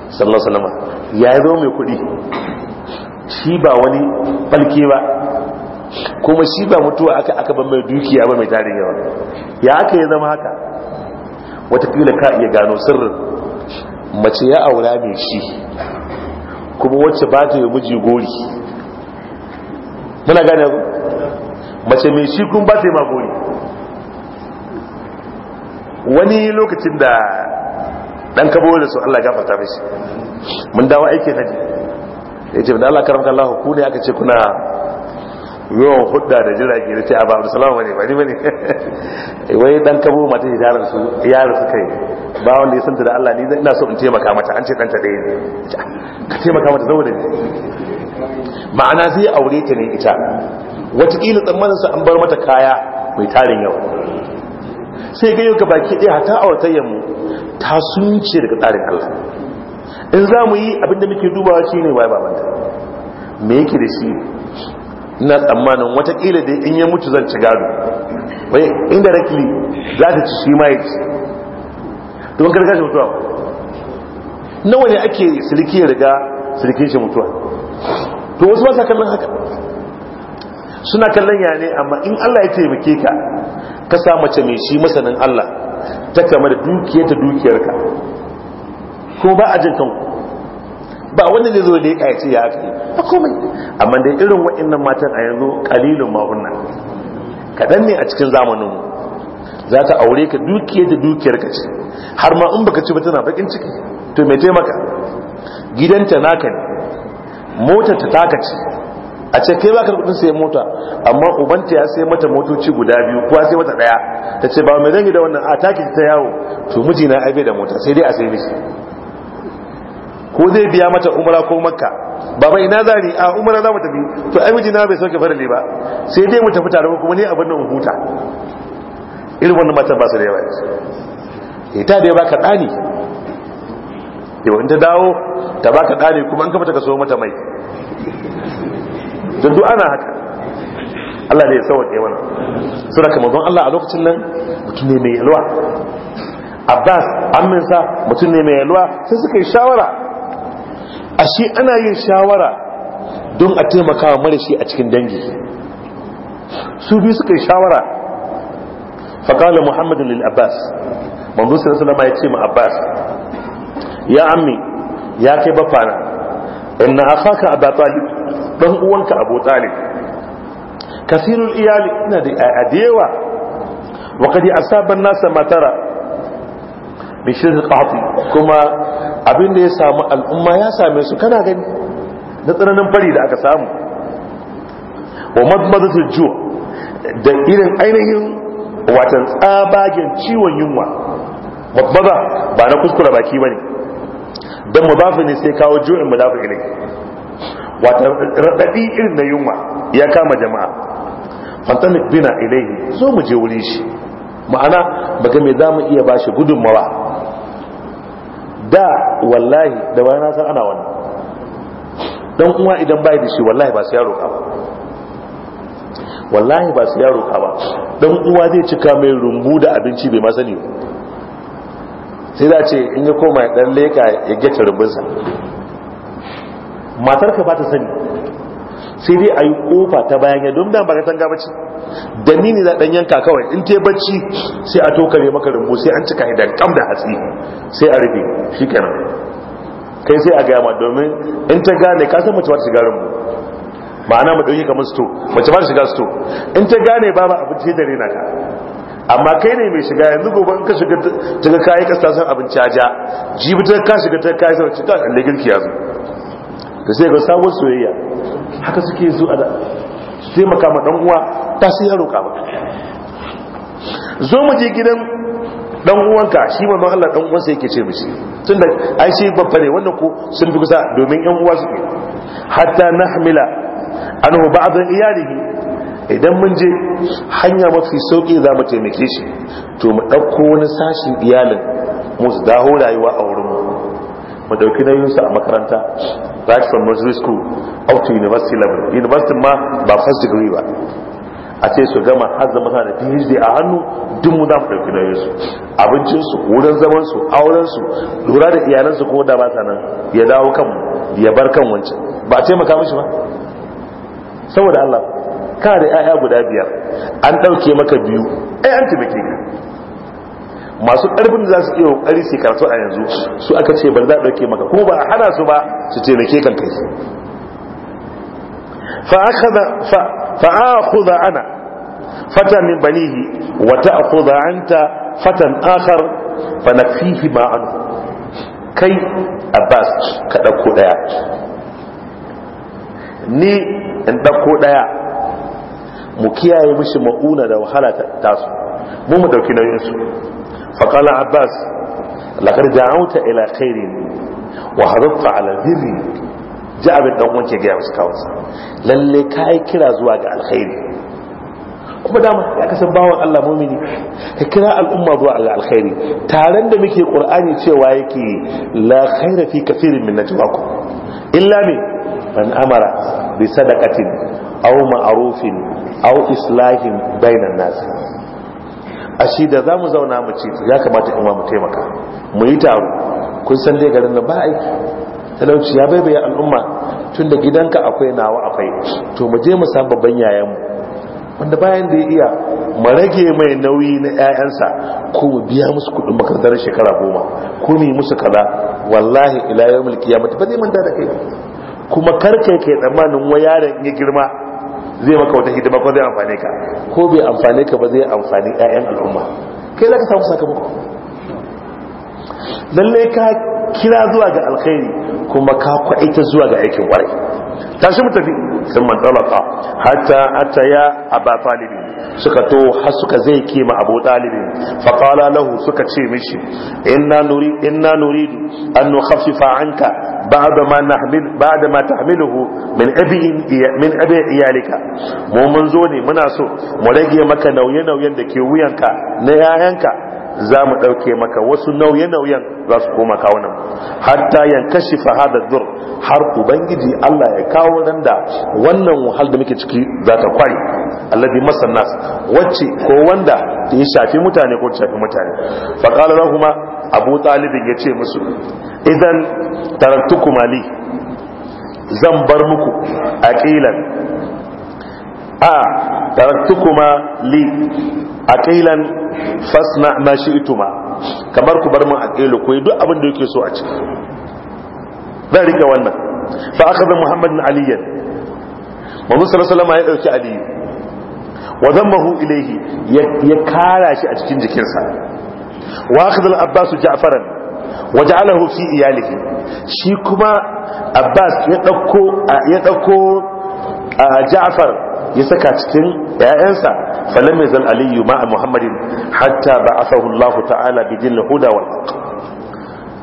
sallallahu alaihi wasallam ya zo mai kuɗi shi ba wani balke ba kuma shi ba mutuwa aka aka ban mai dukiya ba mai tarin yawa ya aka ya zama haka watakila ka iya gano sirrin mace ya aura mai shi kuma wacce ba ta yi miji gori muna gane mace mai shi kun ba ta yi ma gori wani lokacin da dan kabo da su Allah gafarta mishi mun dawo aiki haji yace da Allah karamka Allah ku ne aka ce kuna yawan hudda da jirage da ce abu salamu ne bari bane wai dan kabo mata ya dara su yaro su kai ba wanda ya santa da Allah ni ina so in taimaka mata an ce dan ta dai ka taimaka mata saboda ni ma'ana zai aure ta ne ita kila tsammanin su an bar mata kaya mai tarin yau sai ga yau baki ɗaya ta a wata mu ta sunce daga tsarin Allah in za mu yi abinda muke dubawa shi ne waye babanta me yake da shi ina tsammanin watakila da in ya mutu zan ci gado wai rakili za ta ci shi ma ya ci don karkashi mutuwa nawa ne ake siliki ya riga silikin shi mutuwa to wasu ba sa kallon haka suna kallon ya ne amma in Allah ya taimake ka ka sa mace mai shi masanin Allah ta kama da dukiyar ta dukiyarka ko ba a jin ba wanda zai zo da ya kayace ya aka yi a komai amma dai irin waɗannan matan a yanzu kalilun mahunna kaɗan ne a cikin zamanin mu za ta aure ka dukiyar da dukiyar ka ce har ma in baka ci ba tana bakin ciki to mai taimaka gidanta naka ne motar ta taka ce a ce kai baka kudin sai mota amma ubanta ya sai mata motoci guda biyu kuwa sai mata daya ta ce ba mai yi da wannan a taki ta yawo to mijina na aibe da mota sai dai a sai mishi ko zai biya mata umra ko makka baba ina za a umra za mu tafi to ai mijina bai sauke farale ba sai dai mu tafi tare kuma ne abin mu huta irin wannan matan ba su da yawa ita eh, ta dai baka dani yau in ta dawo ta baka dani kuma an kafa ta kaso mata mai don duk ana haka Allah ne ya sauwaƙe mana su kamar kamar Allah a lokacin nan mutum ne mai yalwa Abbas aminsa mutum ne mai yalwa sai suka yi shawara a shi ana yin shawara don a taimaka wa mara shi a cikin dangi su biyu suka yi shawara faƙalar muhammadin lil abbas manzo sai sallama ya ce ma abbas ya ammi ya kai bafana inna akhaka a talib dan uwanka abu talib kasirul iyali ina da adewa wa kadi asaban nasa matara bi shirk qati kuma abin da ya samu al'umma ya same su kana gani na tsananin fari da aka samu wa madmadatul ju da irin ainihin watan tsabagen ciwon yunwa babba ba na kuskura baki bane dan bafi ne sai kawo ju'in mudafi ilai wata raɗaɗi irin na yunwa ya kama jama'a Fantani bina ilai zo mu je wuri shi ma'ana baga me za mu iya bashi gudunmawa da wallahi da bayan na san ana wani. don uwa idan bai da shi wallahi ba su yaro ka ba wallahi ba su yaro ka ba don uwa zai cika mai rumbu da abinci bai masani sai za ce in ya koma ya dan leka ya gece rumbunsa matar ka ba ta sani sai dai a yi kofa ta bayan ya don dan baka tanga bacci da ni ne za dan yanka kawai in te bacci sai a tokare maka rumbu sai an cika hidan kam da hatsi sai a rufe kenan kai sai a ga ma domin in ta gane ka san mace ba ta shiga rumbu ma'ana mu dauki kamar sto mace ba ta shiga sto in ta gane ba ba abinci da rena ka amma kai ne mai shiga yanzu gobe in ka shiga ta ga kayi kasa san abinci a ja jibi ta ka shiga ta kayi sai ta kalle girki yazo da sai ga sabon soyayya haka suke zuwa da su taimaka ma dan uwa ta sai ya roƙa maka zo mu je gidan dan uwanka shi ma Allah dan uwansa yake ce mishi tunda ai shi babba ne wannan ko sun fi kusa domin yan uwa suke hatta nahmila anhu ba'd iyalihi idan mun je hanya mafi sauki za mu taimake shi to mu ɗauko wani sashin iyalin mu su dawo rayuwa a wurin mu mu na nauyinsu a makaranta right from nursery school up to university level university ma ba first degree ba a ce su gama har zama da phd a hannu duk mu za mu ɗauki abincinsu wurin zamansu aurensu lura da iyalansu ko da ba nan ya dawo kan ya bar kan wancan ba taimaka mishi ba saboda allah ka da 'ya'ya guda biyar an dauke maka biyu ai an taimake ka masu ƙarfin za su iya ƙari su karatu a yanzu su aka ce ban za ɗauke maka kuma ba a hana su ba su taimake kan kai za ana fatan min banihi wa ta'khudha anta fatan akar fa fihi ba an kai abbas ka ɗauko ɗaya ni in ɗauko ɗaya mu kiyaye mishi ma'una da wahala ta tasu mu mu ɗauki nauyinsu فقال عباس لقد دعوت إلى خير وحرضت على البر جابر dan wanke gaya musu kawansa lalle ka yi kira zuwa ga alkhairi kuma dama ya kasan bawan Allah mumini ka kira al'umma zuwa ga alkhairi Taren da muke qur'ani cewa yake la khaira fi kathirin min najwaakum illa me man amara bi sadaqatin aw ma'rufin aw islahin bainan nas a shi da za mu zauna mu ce ya kamata in mu taimaka mu yi taro kun san dai garin nan ba aiki talauci ya baibaye al'umma tun da gidanka akwai nawa akwai to mu je mu san babban yayan mu. wanda bayan da ya iya mu rage mai nauyi na 'ya'yansa ko mu biya musu kuɗin makarantar shekara goma ko mu yi musu kaza wallahi ila yawmul qiyamah ba zai manta da kai kuma karkai kai tsammanin wa yaron ya girma zai maka wata hidima ko zai amfane ka ko bai amfane ka ba zai amfani ƴaƴan al'umma kai za ka samu sakamako lalle ka kira zuwa ga alkhairi kuma ka kwaita zuwa ga aikin kwarai tashi mu tafi sun man talaka hatta hatta ya talibi suka to har suka zai kima abu ɗalibin faƙala lahu suka ce mishi inna nuridu an nukhaffifa anka ba'da ma nahmil tahmiluhu min abin min abi iyalika mu mun zo ne muna so mu rage maka nauye nauyen da ke wuyanka na yayanka za mu ɗauke maka wasu nauye nauyen za su koma kawunan hatta faha fahada dur har ubangiji Allah ya kawo nan da wannan wahal da muke ciki za ta kwari alladhi masan nas wacce ko wanda ya shafi mutane ko shafi mutane fa qala lahum abu talib ce musu idan taraktukum ali zan bar muku aqilan a taraktukuma li aqilan fasna ma shi'tuma kamar ku bar min aqilu ku duk abin da yake so a ciki ba rike wannan fa akhadha ali aliyan manzo sallallahu alaihi ya ɗauki Aliyu. wa zammahu ilayhi ya kara shi a cikin jikinsa wa akhadha al-abbas ja'faran wa ja'alahu fi iyalihi shi kuma abbas ya dauko ya dauko ja'far ya saka cikin ƴaƴansa falam zan aliyu ma'a muhammadin hatta ba'athahu allah ta'ala bi jin huda wal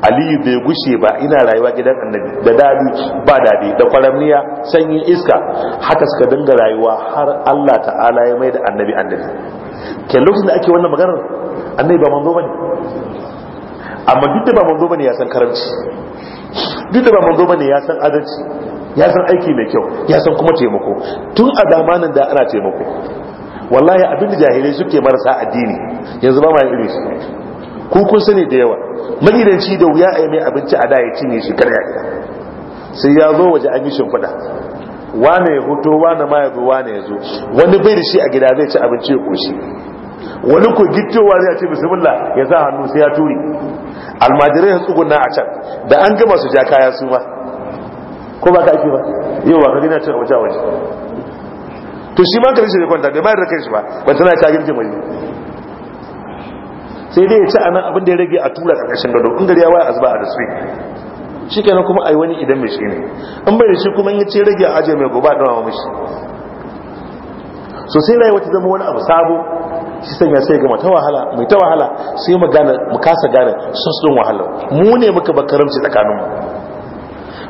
aliyu bai gushe ba ina rayuwa gidan annabi da dadi ba dadi da kwaramniya sanyin iska haka suka dinga rayuwa har allah ta'ala ya mai da annabi annabi ke lokacin da ake wannan maganar annabi ba manzo bane amma duk da ba manzo bane ya san karanci duk da ba manzo bane ya san adalci ya san aiki mai kyau ya san kuma taimako tun a zamanin da ana taimako wallahi abin da jahilai suke marasa addini yanzu ba ma irin su ku kun sani da yawa magidanci da wuya a yi mai abinci a da ya cinye shi karya gida sai ya zo waje an yi shimfiɗa wane ya hoto wane ma ya zo wane ya zo wani bai da shi a gida zai ci abinci ya ƙoshi wani ko gittowa zai ce bismillah ya sa hannu sai ya turi almajirai ya tsugunna a can da an gama su ja kaya su ma ko ba ka ake ba yau ba ka gina cin abinci a waje to shi ma kan shi kwanta bai bayar da kai shi ba ba tana ta girgin waje sai dai ya ci anan abin da ya rage a tura karkashin gado in gari ya waya azba a da su shi kenan kuma ai wani idan mai shi ne in bai da shi kuma in ya ce rage a ajiye mai gobe a dama shi. so sai rayuwa ta zama wani abu sabo shi sanya sai ga mata wahala mai ta wahala sai mu gane mu kasa gane sosai din wahala mu ne muka bakaramci tsakaninmu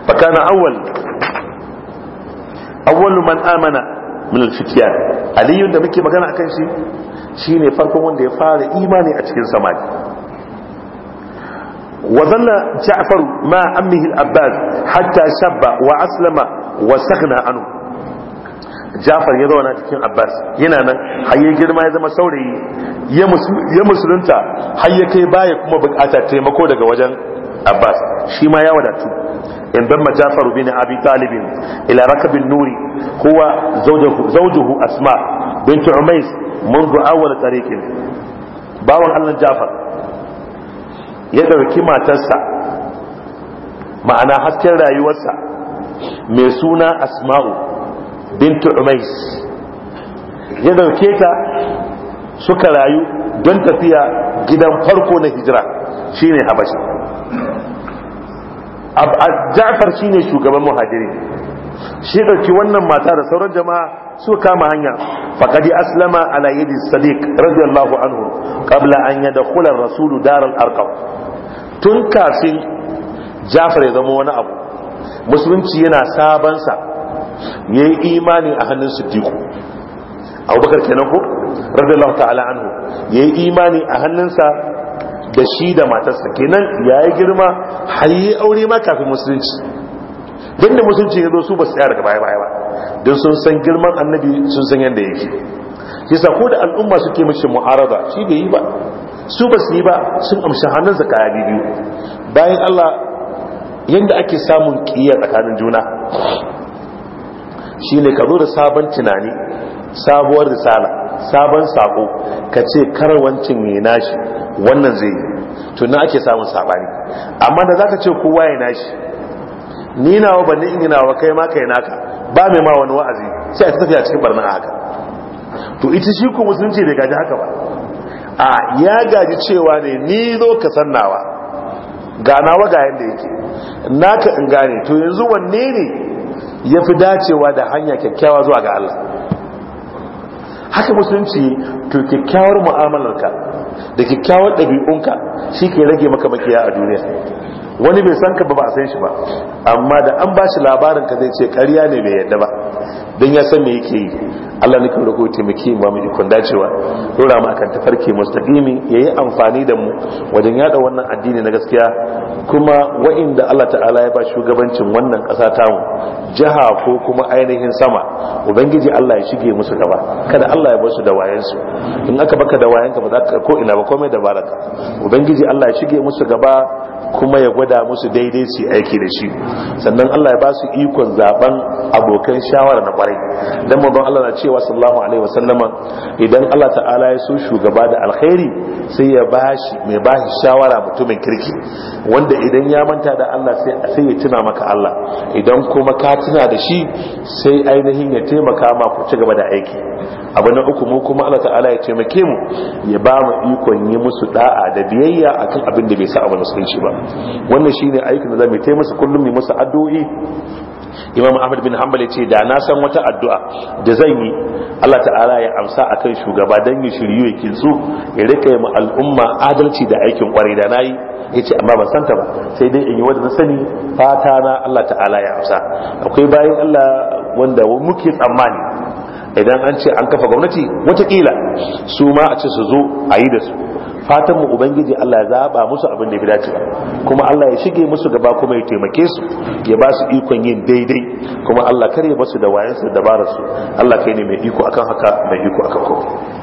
فكان أول أول من آمن من الفتيان علي da muke magana kan shi shine farkon wanda ya fara imani a cikin samani وظل جعفر مع أمه الأباس حتى شب وأسلم وسخن عنه جعفر ya zauna cikin Abbas yana nan har ya girma ya zama saurayi ya musulunta har ya kai baya kuma bukata taimako daga wajen abbas shi ma ya wadatu in ban jafar bin abi talib ila rakab an-nur huwa zawjuhu zawjuhu asma bint umays منذ awwal tariqin bawan Allah jafar ya dauki matarsa ma'ana hasken rayuwarsa mai suna asma'u bint umays ya dauke ta suka rayu don tafiya gidan farko na hijira shine habasha ja'far shine shugaban muhajirin shi dauki wannan mata da sauran jama'a su kama hanya faqad aslama ala yadi sadiq radiyallahu anhu qabla an yadkhula ar-rasulu dar al tun kafin ja'far ya zama wani abu musulunci yana saban sa yayi imani a hannun siddiq abubakar kenan ko radiyallahu ta'ala anhu yayi imani a hannunsa da shi da matarsa kenan ya yi girma hayi aure ma kafin musulunci don da musulunci ya zo su ba su tsaya daga baya baya ba don sun san girman annabi sun san yadda yake yasa ko da al'umma suke mishi mu'arada shi bai yi ba su ba su yi ba sun amshi zaka kaya biyu bayan Allah yadda ake samun kiyar tsakanin juna shi ne ka zo da sabon tunani sabuwar risala sabon sako ka ce karawancin ne nashi wannan zai yi to na ake samun sabani amma da zaka ce kowa ya nashi ni nawa ban in wa kai ma kai naka ba mai ma wani wa'azi sai a tafiya cikin barna haka to ita shi ko musulunci bai gaji haka ba a ya gaji cewa ne ni zo ka san nawa ga nawa ga yanda yake naka in gane to yanzu wanne ne ya fi dacewa da hanya kyakkyawa zuwa ga Allah haka musulunci to kyakkyawar mu'amalarka da kyakkyawar ɗabi'unka shi ke rage maka makiya a duniya wani bai san ka ba ba san shi ba amma da an ba shi labarin ka zai ce karya ne bai yadda ba don ya san me yake yi Allah nake roƙo taimake mu mu ikon dacewa dora mu akan tafarki mustaqimi yayi amfani da mu wajen yada wannan addini na gaskiya kuma wa'inda Allah ta'ala ya ba shugabancin wannan ƙasa ta mu jiha ko kuma ainihin sama ubangiji Allah ya shige musu gaba kada Allah ya bar su da wayansu in aka baka da wayanka ba za ka ko ina ba komai da baraka ubangiji Allah ya shige musu gaba kuma ya gwada musu daidai su aiki da shi sannan Allah ya ba su ikon zaben abokan shawara na kwarai dan manzon Allah na ce. cewa sallallahu alaihi wasallama idan Allah ta'ala ya so shugaba da alkhairi sai ya bashi mai bashi shawara mutumin kirki wanda idan ya manta da Allah sai ya tuna maka Allah idan kuma ka tuna da shi sai ainihin ya taimaka ma ku ci gaba da aiki abu na uku mu kuma Allah ta'ala ya taimake mu ya ba mu ikon yi musu da'a da biyayya akan abin da bai sa abu musulunci ba wannan shine aikin da zamu yi musu kullum mu musu addu'o'i imam ahmad bin hanbal ce da na san wata addu'a da zan yi Allah ta'ala ya amsa a akan shugaba dan ya shiryu ya kinsu ya rika yi al'umma adalci da aikin kwarai da na nayi yace amma ban santa ba sai dai in yi wanda na sani fata na Allah ta'ala ya amsa akwai bayan Allah wanda muke tsammani idan an ce an kafa gwamnati watakila su ma a ce su zo a yi da su fatan mu ubangiji Allah ya zaba musu abin da ya dace kuma Allah ya shige musu gaba kuma ya taimake su ya ba su ikon yin daidai kuma Allah kare musu da wayansu da dabararsu Allah kai ne mai iko akan haka mai iko akan kowa